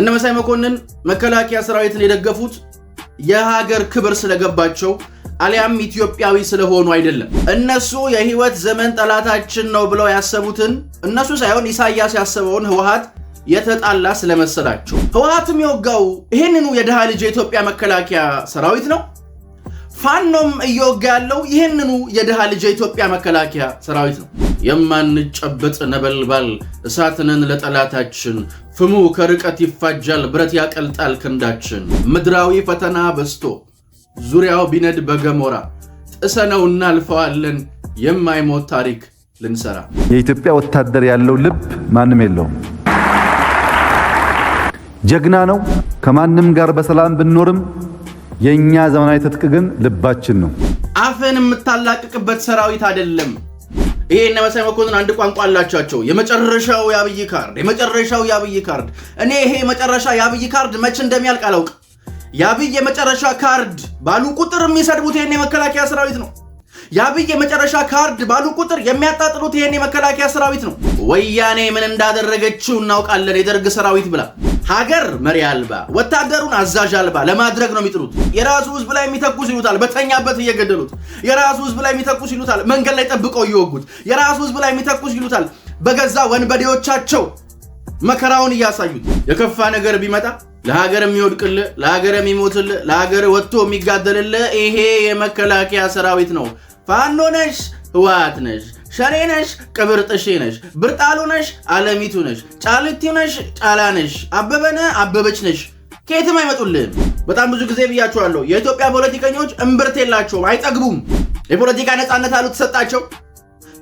እነ መሳይ መኮንን መከላከያ ሰራዊትን የደገፉት የሀገር ክብር ስለገባቸው አሊያም ኢትዮጵያዊ ስለሆኑ አይደለም። እነሱ የህይወት ዘመን ጠላታችን ነው ብለው ያሰቡትን እነሱ ሳይሆን ኢሳያስ ያሰበውን ህወሀት የተጣላ ስለመሰላቸው ህወሀትም የወጋው ይህንኑ የድሃ ልጅ የኢትዮጵያ መከላከያ ሰራዊት ነው። ፋኖም እየወጋ ያለው ይህንኑ የድሃ ልጅ የኢትዮጵያ መከላከያ ሰራዊት ነው። የማንጨበጥ ነበልባል እሳትንን ለጠላታችን ፍሙ ከርቀት ይፋጃል፣ ብረት ያቀልጣል ክንዳችን። ምድራዊ ፈተና በዝቶ ዙሪያው ቢነድ በገሞራ ጥሰነው እናልፈዋለን የማይሞት ታሪክ ልንሰራ። የኢትዮጵያ ወታደር ያለው ልብ ማንም የለውም። ጀግና ነው። ከማንም ጋር በሰላም ብንኖርም የእኛ ዘመናዊ ትጥቅ ግን ልባችን ነው። አፍን የምታላቅቅበት ሰራዊት አይደለም። ይሄ እነ መሳይ መኮንን አንድ ቋንቋ አላቻቸው። የመጨረሻው የአብይ ካርድ፣ የመጨረሻው የአብይ ካርድ። እኔ ይሄ መጨረሻ የአብይ ካርድ መቼ እንደሚያልቅ አላውቅ። የአብይ የመጨረሻ ካርድ ባሉ ቁጥር የሚሰድቡት ይሄን የመከላከያ ሰራዊት ነው። የአብይ የመጨረሻ ካርድ ባሉ ቁጥር የሚያጣጥሉት ይሄን የመከላከያ ሰራዊት ነው። ወያኔ ምን እንዳደረገችው እናውቃለን፣ የደርግ ሰራዊት ብላ ሀገር መሪ አልባ ወታደሩን አዛዥ አልባ ለማድረግ ነው የሚጥሩት። የራሱ ህዝብ ላይ የሚተኩስ ይሉታል፣ በተኛበት እየገደሉት። የራሱ ህዝብ ላይ የሚተኩስ ይሉታል፣ መንገድ ላይ ጠብቀው እየወጉት። የራሱ ህዝብ ላይ የሚተኩስ ይሉታል፣ በገዛ ወንበዴዎቻቸው መከራውን እያሳዩት። የከፋ ነገር ቢመጣ ለሀገር የሚወድቅል፣ ለሀገር የሚሞትል፣ ለሀገር ወጥቶ የሚጋደልል ይሄ የመከላከያ ሰራዊት ነው። ፋኖ ነሽ፣ ህወሓት ነሽ ሸኔ ነሽ፣ ቅብርጥሼ ነሽ፣ ብርጣሉ ነሽ፣ አለሚቱ ነሽ፣ ጫልቲው ነሽ፣ ጫላ ነሽ፣ አበበነ አበበች ነሽ። ከየትም አይመጡልን። በጣም ብዙ ጊዜ ብያችኋለሁ። የኢትዮጵያ ፖለቲከኞች እምብርት የላቸውም፣ አይጠግቡም። የፖለቲካ ነፃነት አሉ ተሰጣቸው፣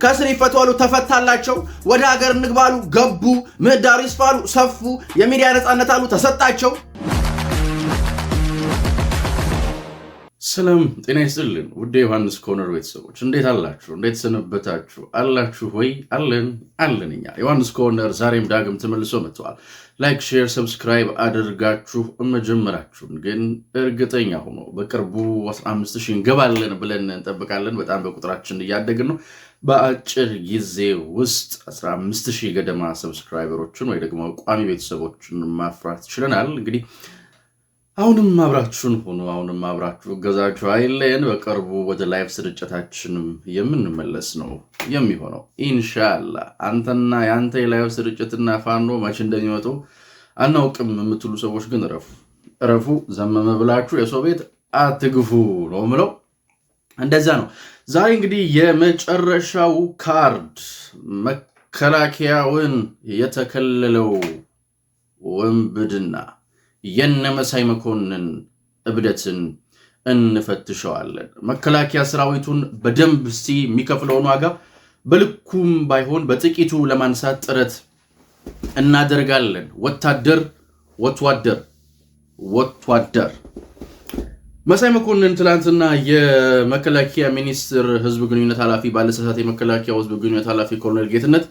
ከስር ይፈቱ አሉ ተፈታላቸው፣ ወደ ሀገር ንግባሉ ገቡ፣ ምህዳሩ ይስፋሉ ሰፉ፣ የሚዲያ ነፃነት አሉ ተሰጣቸው። ሰላም ጤና ይስጥልን ውድ ዮሐንስ ኮርነር ቤተሰቦች እንዴት አላችሁ? እንዴት ሰነበታችሁ? አላችሁ ወይ? አለን አለን። እኛ ዮሐንስ ኮርነር ዛሬም ዳግም ተመልሶ መጥተዋል። ላይክ፣ ሼር፣ ሰብስክራይብ አድርጋችሁ መጀመራችሁን ግን እርግጠኛ ሆኖ በቅርቡ 15 ሺህ እንገባለን ብለን እንጠብቃለን። በጣም በቁጥራችን እያደግን ነው። በአጭር ጊዜ ውስጥ 15 ሺህ ገደማ ሰብስክራይበሮችን ወይ ደግሞ ቋሚ ቤተሰቦችን ማፍራት ችለናል። እንግዲህ አሁንም አብራችሁን ሁኑ። አሁንም አብራችሁ እገዛችሁ አይለየን። በቅርቡ ወደ ላይቭ ስርጭታችንም የምንመለስ ነው የሚሆነው ኢንሻላ። አንተና የአንተ የላይቭ ስርጭትና ፋኖ መቼ እንደሚመጡ አናውቅም የምትሉ ሰዎች ግን እረፉ፣ እረፉ። ዘመመ ብላችሁ የሰው ቤት አትግፉ ነው ምለው። እንደዛ ነው። ዛሬ እንግዲህ የመጨረሻው ካርድ መከላከያውን የተከለለው ወንብድና የነመሳይ መኮንን እብደትን እንፈትሸዋለን። መከላከያ ሰራዊቱን በደንብ ስ የሚከፍለውን ዋጋ በልኩም ባይሆን በጥቂቱ ለማንሳት ጥረት እናደርጋለን። ወታደር ወትዋደር ወትዋደር መሳይ መኮንን ትላንትና የመከላከያ ሚኒስትር ህዝብ ግንኙነት ኃላፊ ባለሰሳት የመከላከያው ህዝብ ግንኙነት ኃላፊ ኮሎኔል ጌትነት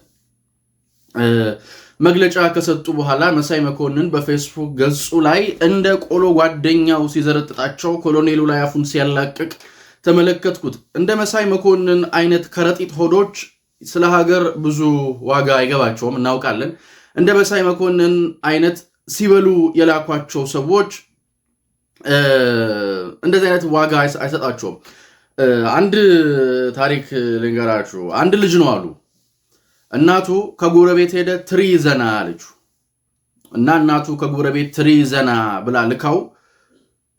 መግለጫ ከሰጡ በኋላ መሳይ መኮንን በፌስቡክ ገጹ ላይ እንደ ቆሎ ጓደኛው ሲዘረጥጣቸው ኮሎኔሉ ላይ አፉን ሲያላቅቅ ተመለከትኩት። እንደ መሳይ መኮንን አይነት ከረጢት ሆዶች ስለ ሀገር ብዙ ዋጋ አይገባቸውም፣ እናውቃለን። እንደ መሳይ መኮንን አይነት ሲበሉ የላኳቸው ሰዎች እንደዚህ አይነት ዋጋ አይሰጣቸውም። አንድ ታሪክ ልንገራችሁ። አንድ ልጅ ነው አሉ እናቱ ከጎረቤት ሄደ ትሪ ዘና አለች። እና እናቱ ከጎረቤት ትሪ ዘና ብላ ልካው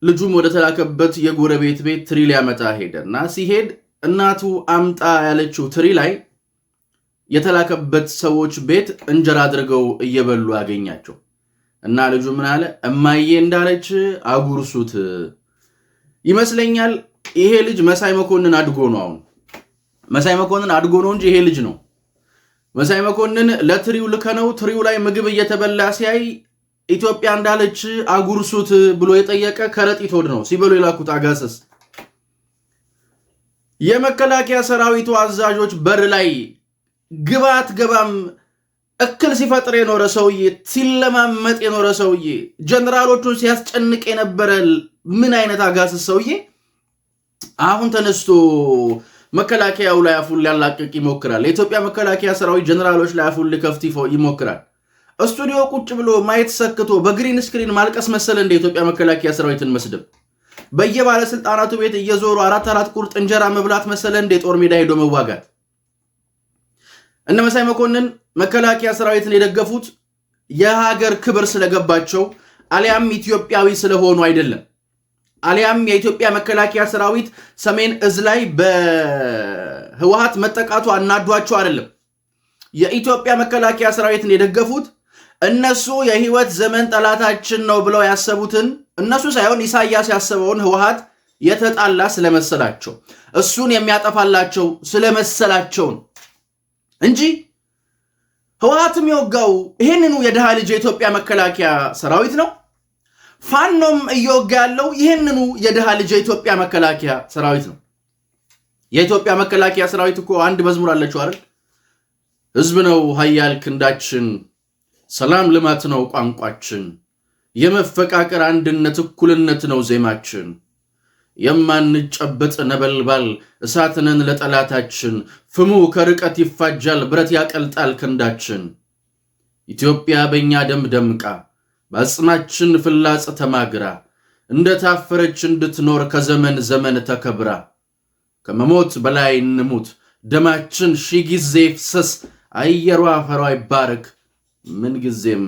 ልጁም ወደ ተላከበት የጎረቤት ቤት ትሪ ሊያመጣ ሄደ እና ሲሄድ እናቱ አምጣ ያለችው ትሪ ላይ የተላከበት ሰዎች ቤት እንጀራ አድርገው እየበሉ አገኛቸው እና ልጁ ምን አለ? እማዬ እንዳለች አጉርሱት። ይመስለኛል ይሄ ልጅ መሳይ መኮንን አድጎ ነው። አሁን መሳይ መኮንን አድጎ ነው እንጂ ይሄ ልጅ ነው መሳይ መኮንን ለትሪው ልከነው ትሪው ላይ ምግብ እየተበላ ሲያይ ኢትዮጵያ እንዳለች አጉርሱት ብሎ የጠየቀ ከረጢት ሆድ ነው ሲበሉ የላኩት አጋሰስ። የመከላከያ ሰራዊቱ አዛዦች በር ላይ ግባ አትገባም እክል ሲፈጥር የኖረ ሰውዬ ሲለማመጥ የኖረ ሰውዬ ጀነራሎቹን ሲያስጨንቅ የነበረ ምን አይነት አጋስስ ሰውዬ አሁን ተነስቶ መከላከያው ላይ አፉን ሊያላቅቅ ይሞክራል። የኢትዮጵያ መከላከያ ሰራዊት ጀነራሎች ላይ አፉን ሊከፍት ይሞክራል። ስቱዲዮ ቁጭ ብሎ ማየት ሰክቶ በግሪን ስክሪን ማልቀስ መሰለ እንደ ኢትዮጵያ መከላከያ ሰራዊትን መስደብ በየባለስልጣናቱ ቤት እየዞሩ አራት አራት ቁርጥ እንጀራ መብላት መሰለ እንደ ጦር ሜዳ ሄዶ መዋጋት። እነ መሳይ መኮንን መከላከያ ሰራዊትን የደገፉት የሀገር ክብር ስለገባቸው አሊያም ኢትዮጵያዊ ስለሆኑ አይደለም። አሊያም የኢትዮጵያ መከላከያ ሰራዊት ሰሜን እዝ ላይ በህወሀት መጠቃቱ አናዷቸው አይደለም። የኢትዮጵያ መከላከያ ሰራዊትን የደገፉት እነሱ የህይወት ዘመን ጠላታችን ነው ብለው ያሰቡትን እነሱ ሳይሆን ኢሳያስ ያሰበውን ህወሀት የተጣላ ስለመሰላቸው እሱን የሚያጠፋላቸው ስለመሰላቸው ነው እንጂ ህወሀትም የወጋው ይህንኑ የድሃ ልጅ የኢትዮጵያ መከላከያ ሰራዊት ነው። ፋኖም እየወጋ ያለው ይህንኑ የድሃ ልጅ የኢትዮጵያ መከላከያ ሰራዊት ነው። የኢትዮጵያ መከላከያ ሰራዊት እኮ አንድ መዝሙር አለችው አይደል? ህዝብ ነው ሀያል ክንዳችን፣ ሰላም ልማት ነው ቋንቋችን፣ የመፈቃቀር አንድነት እኩልነት ነው ዜማችን፣ የማንጨበጥ ነበልባል እሳትንን ለጠላታችን፣ ፍሙ ከርቀት ይፋጃል ብረት ያቀልጣል ክንዳችን፣ ኢትዮጵያ በእኛ ደም ደምቃ በአጽማችን ፍላጽ ተማግራ እንደ ታፈረች እንድትኖር ከዘመን ዘመን ተከብራ ከመሞት በላይ እንሙት ደማችን ሺ ጊዜ ፍሰስ አየሯ አፈሯ ይባረክ ምን ጊዜም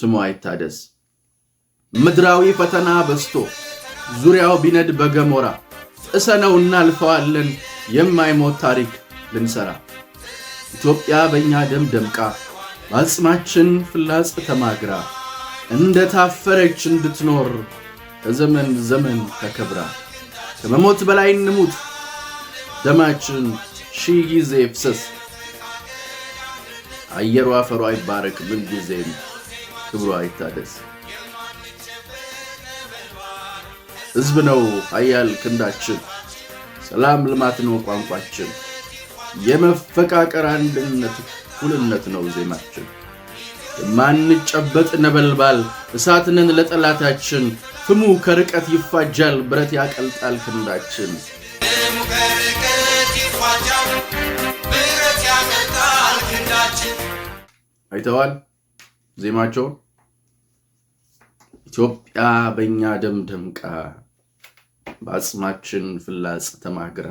ስሟ ምድራዊ ፈተና በዝቶ ዙሪያው ቢነድ በገሞራ ጥሰነው እናልፈዋለን የማይሞት ታሪክ ልንሰራ ኢትዮጵያ በእኛ ደም ደምቃ በአጽማችን ፍላጽ ተማግራ እንደታፈረች እንድትኖር ከዘመን ዘመን ተከብራ ከመሞት በላይ እንሙት ደማችን ሺህ ጊዜ ፍሰስ አየሯ አፈሯ አይባረክ ምን ጊዜም ክብሩ አይታደስ ሕዝብ ነው ኃያል ክንዳችን፣ ሰላም ልማት ነው ቋንቋችን፣ የመፈቃቀር አንድነት እኩልነት ነው ዜማችን። የማንጨበጥ ነበልባል እሳትንን ለጠላታችን ፍሙ ከርቀት ይፋጃል ብረት ያቀልጣል ክንዳችን። አይተዋል ዜማቸውን ኢትዮጵያ በእኛ ደም ደምቃ በአጽማችን ፍላጽ ተማግራ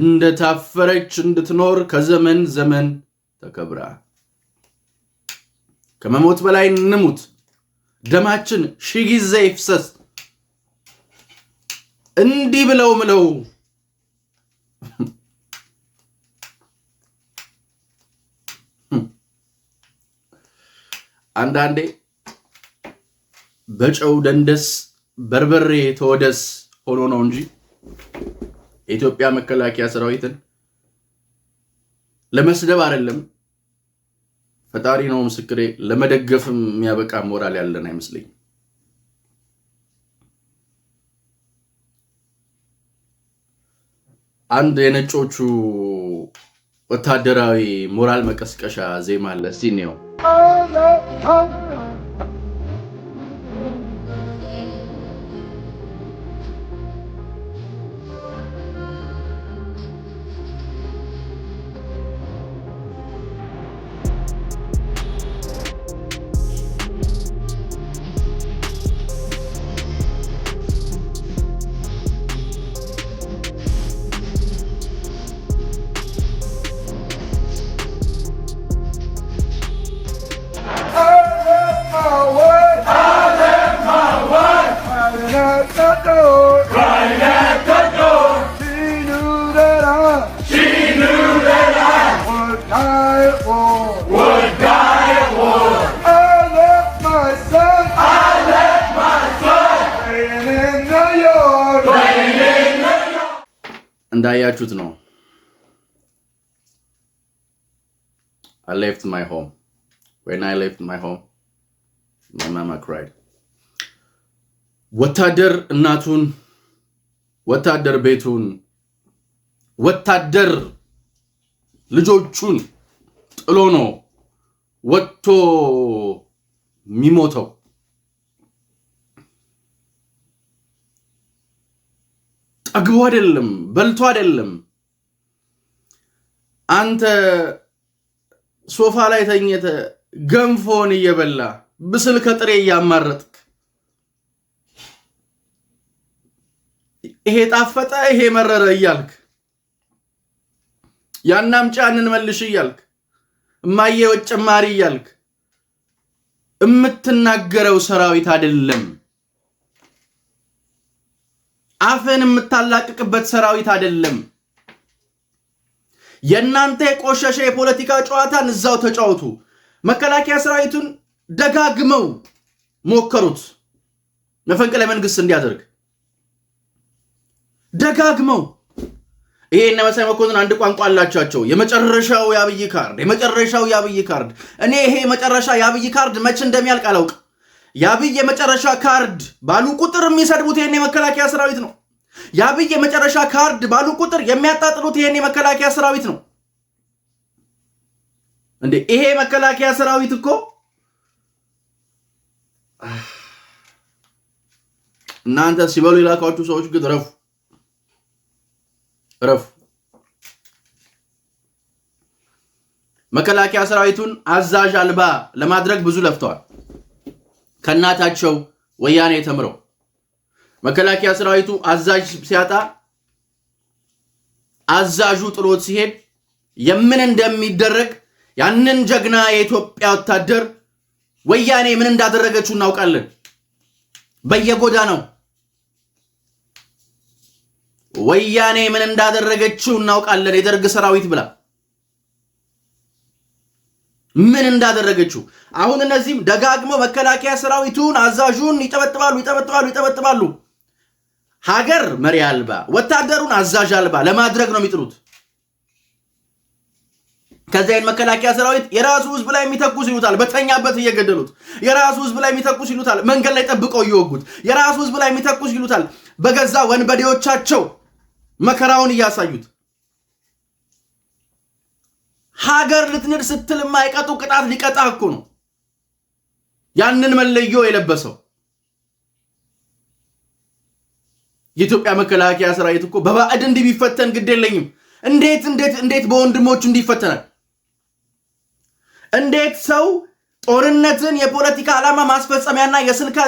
እንደታፈረች እንድትኖር ከዘመን ዘመን ተከብራ ከመሞት በላይ እንሙት፣ ደማችን ሽጊዜ ጊዜ ይፍሰስ። እንዲህ ብለው ምለው አንዳንዴ በጨው ደንደስ በርበሬ ተወደስ ሆኖ ነው እንጂ የኢትዮጵያ መከላከያ ሰራዊትን ለመስደብ አይደለም። ፈጣሪ ነው ምስክሬ። ለመደገፍም የሚያበቃ ሞራል ያለን አይመስለኝም። አንድ የነጮቹ ወታደራዊ ሞራል መቀስቀሻ ዜማ አለ። እስቲ እንየው። my home. When I left my home, my mama cried. ወታደር እናቱን፣ ወታደር ቤቱን፣ ወታደር ልጆቹን ጥሎ ነው ወጥቶ የሚሞተው። ጠግቦ አይደለም፣ በልቶ አይደለም አንተ ሶፋ ላይ ተኝተ ገንፎን እየበላ ብስል ከጥሬ እያማረጥክ ይሄ ጣፈጠ፣ ይሄ መረረ እያልክ ያናም ጫንን መልሽ እያልክ እማዬ ጨማሪ እያልክ የምትናገረው ሰራዊት አይደለም። አፍን የምታላቅቅበት ሰራዊት አይደለም። የእናንተ የቆሸሸ የፖለቲካ ጨዋታን እዛው ተጫወቱ። መከላከያ ሰራዊቱን ደጋግመው ሞከሩት መፈንቅለ መንግስት እንዲያደርግ ደጋግመው። ይሄ እነ መሳይ መኮንን አንድ ቋንቋ አላቻቸው። የመጨረሻው የአብይ ካርድ፣ የመጨረሻው የአብይ ካርድ። እኔ ይሄ መጨረሻ የአብይ ካርድ መቼ እንደሚያልቅ አላውቅ። የአብይ የመጨረሻ ካርድ ባሉ ቁጥር የሚሰድቡት ይሄን የመከላከያ ሰራዊት ነው። የአብይ የመጨረሻ ካርድ ባሉ ቁጥር የሚያጣጥሉት ይሄን የመከላከያ ሰራዊት ነው እንዴ! ይሄ መከላከያ ሰራዊት እኮ እናንተ ሲበሉ የላካችሁ ሰዎች ግን ረፉ ረፉ። መከላከያ ሰራዊቱን አዛዥ አልባ ለማድረግ ብዙ ለፍተዋል። ከእናታቸው ወያኔ ተምረው መከላከያ ሰራዊቱ አዛዥ ሲያጣ አዛዡ ጥሎት ሲሄድ የምን እንደሚደረግ ያንን ጀግና የኢትዮጵያ ወታደር ወያኔ ምን እንዳደረገችው እናውቃለን። በየጎዳናው ወያኔ ምን እንዳደረገችው እናውቃለን። የደርግ ሰራዊት ብላ ምን እንዳደረገችው አሁን እነዚህም ደጋግመው መከላከያ ሰራዊቱን አዛዡን ይጠበጥባሉ፣ ይጠበጥባሉ፣ ይጠበጥባሉ። ሀገር መሪ አልባ ወታደሩን አዛዥ አልባ ለማድረግ ነው የሚጥሩት። ከዚያ መከላከያ ሰራዊት የራሱ ህዝብ ላይ የሚተኩስ ይሉታል፣ በተኛበት እየገደሉት የራሱ ህዝብ ላይ የሚተኩስ ይሉታል፣ መንገድ ላይ ጠብቀው እየወጉት የራሱ ህዝብ ላይ የሚተኩስ ይሉታል። በገዛ ወንበዴዎቻቸው መከራውን እያሳዩት ሀገር ልትንድ ስትል የማይቀጡ ቅጣት ሊቀጣ እኮ ነው ያንን መለዮ የለበሰው የኢትዮጵያ መከላከያ ሰራዊት እኮ በባዕድ እንዲህ ቢፈተን ግድ የለኝም። እንዴት እንዴት እንዴት በወንድሞቹ እንዲህ ይፈተናል? እንዴት ሰው ጦርነትን የፖለቲካ ዓላማ ማስፈጸሚያና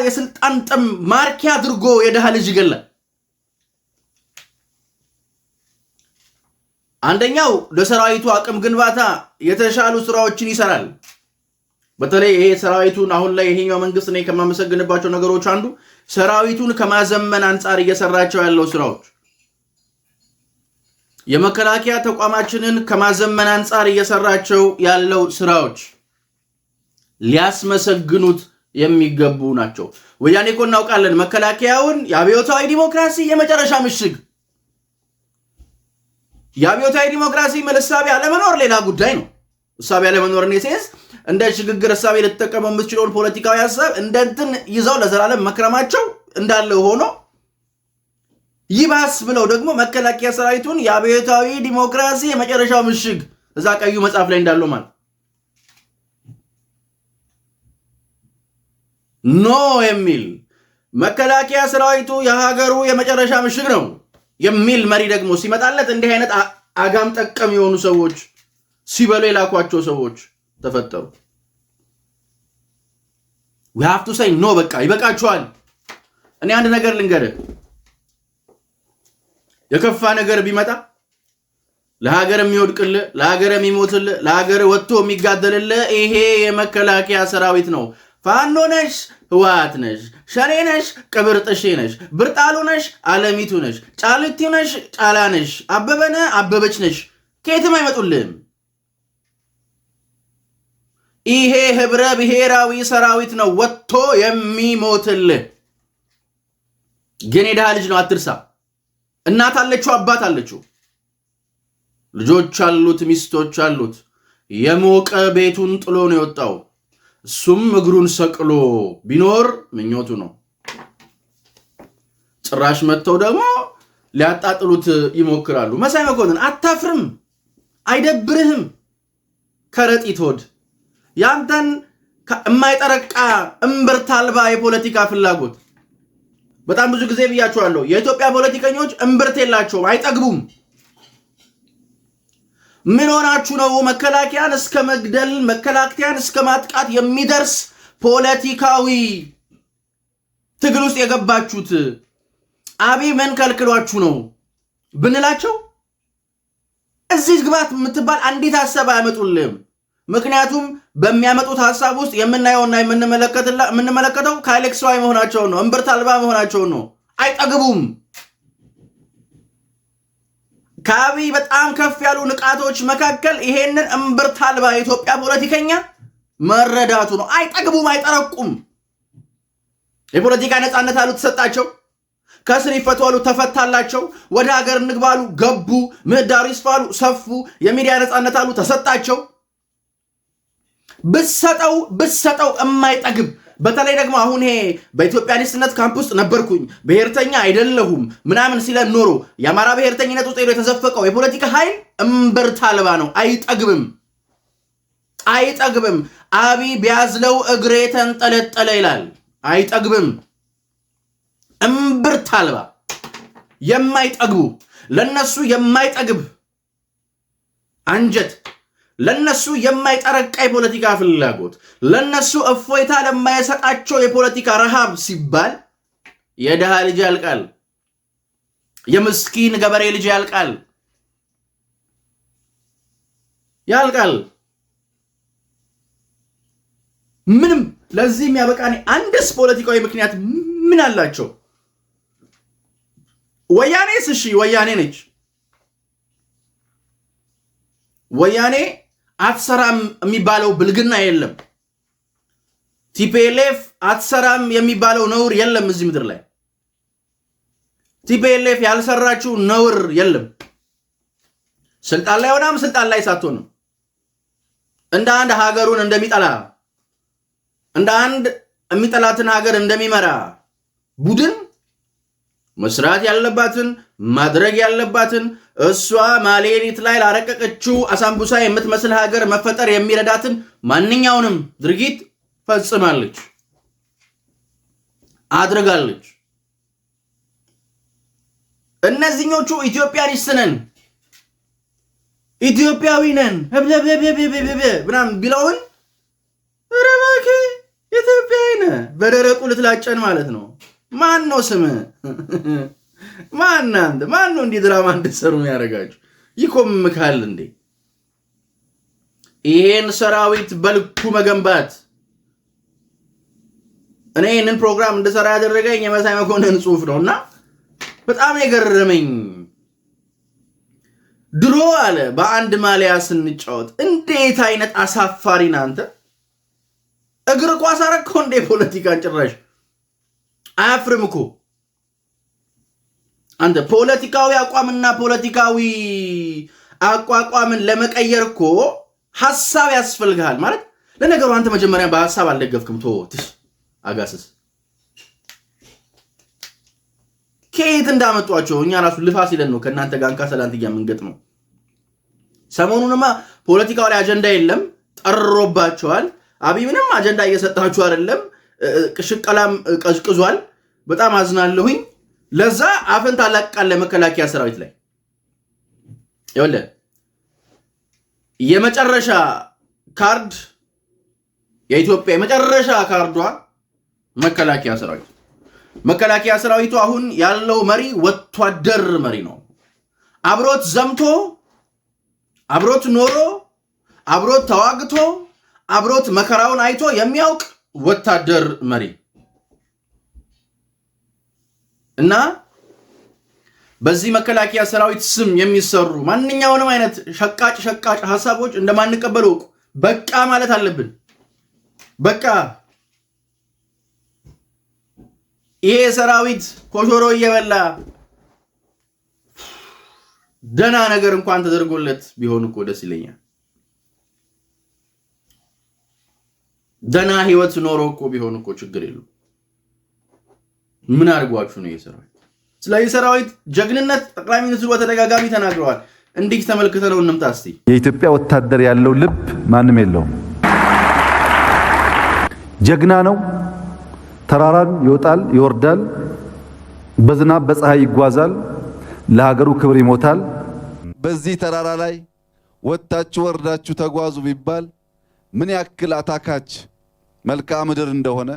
የስልጣን ጥም ማርኪያ አድርጎ የድሃ ልጅ ይገላል? አንደኛው ለሰራዊቱ አቅም ግንባታ የተሻሉ ስራዎችን ይሰራል። በተለይ ይሄ ሰራዊቱን አሁን ላይ ይሄኛው መንግስት እኔ ከማመሰግንባቸው ነገሮች አንዱ ሰራዊቱን ከማዘመን አንጻር እየሰራቸው ያለው ስራዎች የመከላከያ ተቋማችንን ከማዘመን አንጻር እየሰራቸው ያለው ስራዎች ሊያስመሰግኑት የሚገቡ ናቸው። ወያኔ እኮ እናውቃለን መከላከያውን የአብዮታዊ ዲሞክራሲ የመጨረሻ ምሽግ፣ የአብዮታዊ ዲሞክራሲ መለሳቢያ አለመኖር ሌላ ጉዳይ ነው። እሳቤ ያለመኖርን ሴንስ እንደ ሽግግር እሳቤ ልትጠቀመው የምትችለውን ፖለቲካዊ ሀሳብ እንደ እንትን ይዘው ለዘላለም መክረማቸው እንዳለ ሆኖ ይባስ ብለው ደግሞ መከላከያ ሰራዊቱን የአብዮታዊ ዲሞክራሲ የመጨረሻው ምሽግ እዛ ቀዩ መጽሐፍ ላይ እንዳለው ማለት ኖ የሚል መከላከያ ሰራዊቱ የሀገሩ የመጨረሻ ምሽግ ነው የሚል መሪ ደግሞ ሲመጣለት እንዲህ አይነት አጋም ጠቀም የሆኑ ሰዎች ሲበሉ የላኳቸው ሰዎች ተፈጠሩ። we have ኖ በቃ ይበቃችኋል። እኔ አንድ ነገር ልንገርህ፣ የከፋ ነገር ቢመጣ ለሀገር የሚወድቅልህ ለሀገር የሚሞትልህ ለሀገር ወጥቶ የሚጋደልልህ ይሄ የመከላከያ ሰራዊት ነው። ፋኖ ነሽ፣ ህወሓት ነሽ፣ ሸኔ ነሽ፣ ቅብር ጥሼ ነሽ፣ ብርጣሉ ነሽ፣ አለሚቱ ነሽ፣ ጫልቲ ነሽ፣ ጫላ ነሽ፣ አበበነ አበበች ነሽ፣ ከየትም አይመጡልህም። ይሄ ህብረ ብሔራዊ ሰራዊት ነው ወጥቶ የሚሞትልህ። ግን የድሃ ልጅ ነው አትርሳ። እናት አለችው፣ አባት አለችው፣ ልጆች አሉት፣ ሚስቶች አሉት። የሞቀ ቤቱን ጥሎ ነው የወጣው። እሱም እግሩን ሰቅሎ ቢኖር ምኞቱ ነው። ጭራሽ መጥተው ደግሞ ሊያጣጥሉት ይሞክራሉ። መሳይ መኮንን አታፍርም? አይደብርህም? ከረጢት ሆድ ያንተን የማይጠረቃ እምብርት አልባ የፖለቲካ ፍላጎት በጣም ብዙ ጊዜ ብያችኋለሁ። የኢትዮጵያ ፖለቲከኞች እምብርት የላቸውም፣ አይጠግቡም። ምን ሆናችሁ ነው መከላከያን እስከ መግደል መከላከያን እስከ ማጥቃት የሚደርስ ፖለቲካዊ ትግል ውስጥ የገባችሁት? አብይ ምን ከልክሏችሁ ነው ብንላቸው እዚህ ግባት የምትባል አንዲት ሀሳብ አያመጡልም። ምክንያቱም በሚያመጡት ሀሳብ ውስጥ የምናየውና የምንመለከተው ከአሌክሳዊ መሆናቸውን ነው። እምብርት አልባ መሆናቸውን ነው። አይጠግቡም። ከአብይ በጣም ከፍ ያሉ ንቃቶች መካከል ይሄንን እምብርት አልባ የኢትዮጵያ ፖለቲከኛ መረዳቱ ነው። አይጠግቡም፣ አይጠረቁም። የፖለቲካ ነፃነት አሉ ተሰጣቸው። ከእስር ይፈቱ ተፈታላቸው። ወደ ሀገር እንግባሉ ገቡ። ምህዳሩ ይስፋሉ ሰፉ። የሚዲያ ነፃነት አሉ ተሰጣቸው። ብሰጠው ብሰጠው የማይጠግብ በተለይ ደግሞ አሁን ይሄ በኢትዮጵያ ሊስትነት ካምፕ ውስጥ ነበርኩኝ ብሔርተኛ አይደለሁም ምናምን ሲለን ኖሮ የአማራ ብሔርተኝነት ውስጥ ሄዶ የተዘፈቀው የፖለቲካ ኃይል እምብርት አልባ ነው። አይጠግብም አይጠግብም። አብይ ቢያዝለው እግሬ ተንጠለጠለ ይላል። አይጠግብም። እምብርት አልባ የማይጠግቡ ለነሱ የማይጠግብ አንጀት ለነሱ የማይጠረቃ የፖለቲካ ፍላጎት ለነሱ እፎይታ ለማይሰጣቸው የፖለቲካ ረሃብ ሲባል የድሃ ልጅ ያልቃል፣ የምስኪን ገበሬ ልጅ ያልቃል ያልቃል። ምንም ለዚህ የሚያበቃን አንድስ ፖለቲካዊ ምክንያት ምን አላቸው? ወያኔስ? እሺ ወያኔ ነች ወያኔ አትሰራም የሚባለው ብልግና የለም። ቲፒኤልኤፍ አትሰራም የሚባለው ነውር የለም። እዚህ ምድር ላይ ቲፒኤልኤፍ ያልሰራችው ነውር የለም። ስልጣን ላይ ሆናም ስልጣን ላይ ሳትሆንም እንደ አንድ ሀገሩን እንደሚጠላ እንደ አንድ የሚጠላትን ሀገር እንደሚመራ ቡድን መስራት ያለባትን ማድረግ ያለባትን እሷ ማሌሪት ላይ ላረቀቀችው አሳምቡሳ የምትመስል ሀገር መፈጠር የሚረዳትን ማንኛውንም ድርጊት ፈጽማለች፣ አድርጋለች። እነዚህኞቹ ኢትዮጵያኒስት ነን ኢትዮጵያዊ ነን ምናምን ቢለውን ረባኪ ኢትዮጵያዊ በደረቁ ልትላጨን ማለት ነው። ማን ነው ስም ማን አንተ ማን ነው እንዲህ ድራማ እንድትሰሩ ያደረጋችሁ? ይኮምካል እንዴ? ይሄን ሰራዊት በልኩ መገንባት እኔ ይህንን ፕሮግራም እንድሰራ ያደረገኝ የመሳይ መኮንን ጽሁፍ ነው እና በጣም የገረመኝ ድሮ አለ በአንድ ማሊያ ስንጫወት እንዴት አይነት አሳፋሪ ናንተ! እግር ኳስ አረግከው እንዴ ፖለቲካን ጭራሽ አያፍርም እኮ አንተ ፖለቲካዊ አቋምና ፖለቲካዊ አቋቋምን ለመቀየር እኮ ሀሳብ ያስፈልግሃል። ማለት ለነገሩ አንተ መጀመሪያ በሀሳብ አልደገፍክም። ቶ ትሽ አጋስስ ከየት እንዳመጧቸው እኛ ራሱ ልፋ ሲለን ነው ከእናንተ ጋር እንካ ሰላንትያ ነው። ሰሞኑንማ ፖለቲካው ላይ አጀንዳ የለም ጠሮባቸዋል። አብይ ምንም አጀንዳ እየሰጣችሁ አይደለም። ሽቀላም ቀዝቅዟል። በጣም አዝናለሁኝ። ለዛ አፈን ታላቅቃለ መከላከያ ሰራዊት ላይ ይወለ የመጨረሻ ካርድ የኢትዮጵያ የመጨረሻ ካርዷ መከላከያ ሰራዊት መከላከያ ሰራዊቱ አሁን ያለው መሪ ወታደር መሪ ነው። አብሮት ዘምቶ አብሮት ኖሮ አብሮት ተዋግቶ አብሮት መከራውን አይቶ የሚያውቅ ወታደር መሪ እና በዚህ መከላከያ ሰራዊት ስም የሚሰሩ ማንኛውንም አይነት ሸቃጭ ሸቃጭ ሀሳቦች እንደማንቀበል እውቁ። በቃ ማለት አለብን። በቃ ይሄ ሰራዊት ኮሾሮ እየበላ ደህና ነገር እንኳን ተደርጎለት ቢሆን እኮ ደስ ይለኛል። ደህና ህይወት ኖሮ እኮ ቢሆን እኮ ችግር የለው ምን አድርጓችሁ ነው የሰራዊት ስለ የሰራዊት ጀግንነት ጠቅላይ ሚኒስትሩ በተደጋጋሚ ተናግረዋል። እንዲህ ተመልክተ ነው እንምጣ እስቲ። የኢትዮጵያ ወታደር ያለው ልብ ማንም የለውም። ጀግና ነው። ተራራን ይወጣል፣ ይወርዳል፣ በዝናብ በፀሐይ ይጓዛል፣ ለሀገሩ ክብር ይሞታል። በዚህ ተራራ ላይ ወጥታችሁ ወርዳችሁ ተጓዙ ቢባል ምን ያክል አታካች መልክዓ ምድር እንደሆነ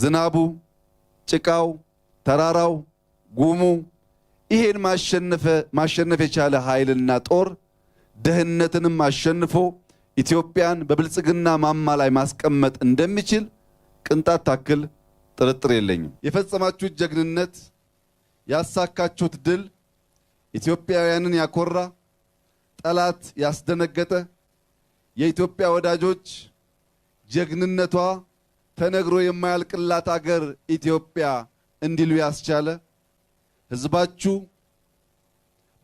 ዝናቡ፣ ጭቃው፣ ተራራው፣ ጉሙ ይሄን ማሸነፍ የቻለ ኃይልና ጦር ድህነትንም አሸንፎ ኢትዮጵያን በብልጽግና ማማ ላይ ማስቀመጥ እንደሚችል ቅንጣት ታክል ጥርጥር የለኝም። የፈጸማችሁት ጀግንነት፣ ያሳካችሁት ድል ኢትዮጵያውያንን ያኮራ፣ ጠላት ያስደነገጠ፣ የኢትዮጵያ ወዳጆች ጀግንነቷ ተነግሮ የማያልቅላት አገር ኢትዮጵያ እንዲሉ ያስቻለ ህዝባችሁ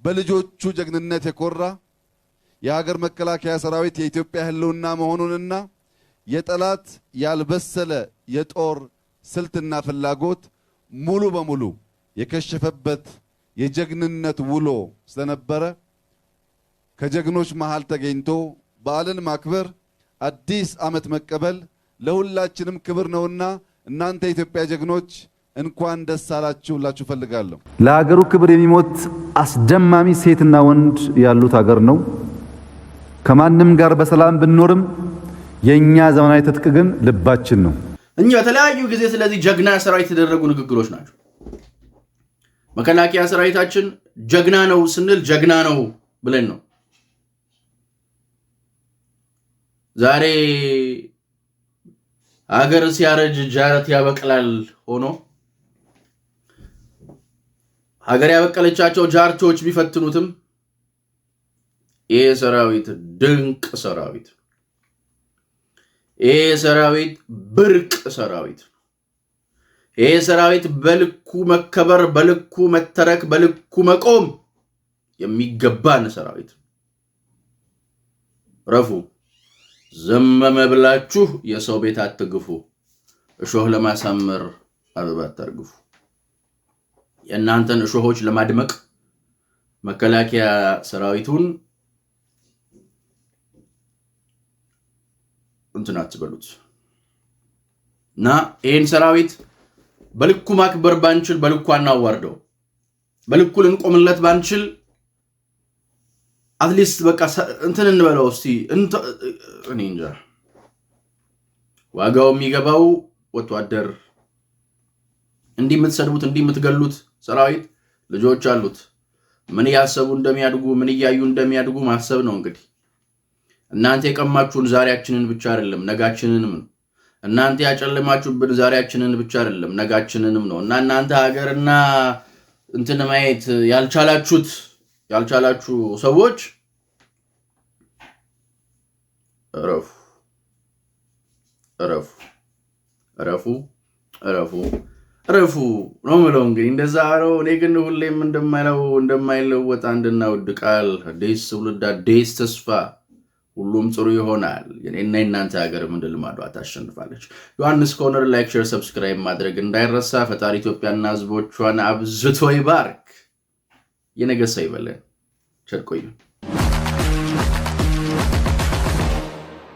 በልጆቹ ጀግንነት የኮራ የሀገር መከላከያ ሰራዊት የኢትዮጵያ ህልውና መሆኑንና የጠላት ያልበሰለ የጦር ስልትና ፍላጎት ሙሉ በሙሉ የከሸፈበት የጀግንነት ውሎ ስለነበረ ከጀግኖች መሃል ተገኝቶ በዓልን ማክበር አዲስ ዓመት መቀበል ለሁላችንም ክብር ነውና እናንተ የኢትዮጵያ ጀግኖች እንኳን ደስ አላችሁ ሁላችሁ ፈልጋለሁ። ለሀገሩ ክብር የሚሞት አስደማሚ ሴትና ወንድ ያሉት ሀገር ነው። ከማንም ጋር በሰላም ብንኖርም የእኛ ዘመናዊ ትጥቅ ግን ልባችን ነው። እኛ በተለያዩ ጊዜ ስለዚህ ጀግና ሰራዊት የተደረጉ ንግግሮች ናቸው። መከላከያ ሰራዊታችን ጀግና ነው ስንል ጀግና ነው ብለን ነው ዛሬ አገር ሲያረጅ ጃረት ያበቅላል ሆኖ ሀገር ያበቀለቻቸው ጃርቶች ቢፈትኑትም ይህ ሰራዊት ድንቅ ሰራዊት፣ ይህ ሰራዊት ብርቅ ሰራዊት፣ ይህ ሰራዊት በልኩ መከበር፣ በልኩ መተረክ፣ በልኩ መቆም የሚገባን ሰራዊት ረፉ ዘመመ ብላችሁ የሰው ቤት አትግፉ፣ እሾህ ለማሳመር አበባ አታርግፉ። የእናንተን እሾሆች ለማድመቅ መከላከያ ሰራዊቱን እንትን አትበሉት እና ይህን ሰራዊት በልኩ ማክበር ባንችል፣ በልኩ አናዋርደው፣ በልኩ ልንቆምለት ባንችል አትሊስት በቃ እንትን እንበለው እስቲ እኔ እንጃ። ዋጋው የሚገባው ወታደር እንዲህ የምትሰድቡት እንዲህ የምትገሉት ሰራዊት ልጆች አሉት። ምን እያሰቡ እንደሚያድጉ ምን እያዩ እንደሚያድጉ ማሰብ ነው እንግዲህ። እናንተ የቀማችሁን ዛሬያችንን ብቻ አይደለም ነጋችንንም ነው። እናንተ ያጨለማችሁብን ዛሬያችንን ብቻ አይደለም ነጋችንንም ነው እና እናንተ ሀገርና እንትን ማየት ያልቻላችሁት ያልቻላችሁ ሰዎች እረፉ እረፉ እረፉ እረፉ እረፉ ነው ምለው። እንግዲህ እንደዛ ነው። እኔ ግን ሁሌም እንደማይለው እንደማይለወጥ አንድና ውድ ቃል አዲስ ትውልድ፣ አዲስ ተስፋ፣ ሁሉም ጥሩ ይሆናል። የኔና የናንተ ሀገር ምንድን ልማዷ ታሸንፋለች። ዮሐንስ ኮርነር ላይክ፣ ሼር፣ ሰብስክራይብ ማድረግ እንዳይረሳ። ፈጣሪ ኢትዮጵያና ህዝቦቿን አብዝቶ ይባርክ። የነገ ሰው ይበለን። ቸር ቆዩን።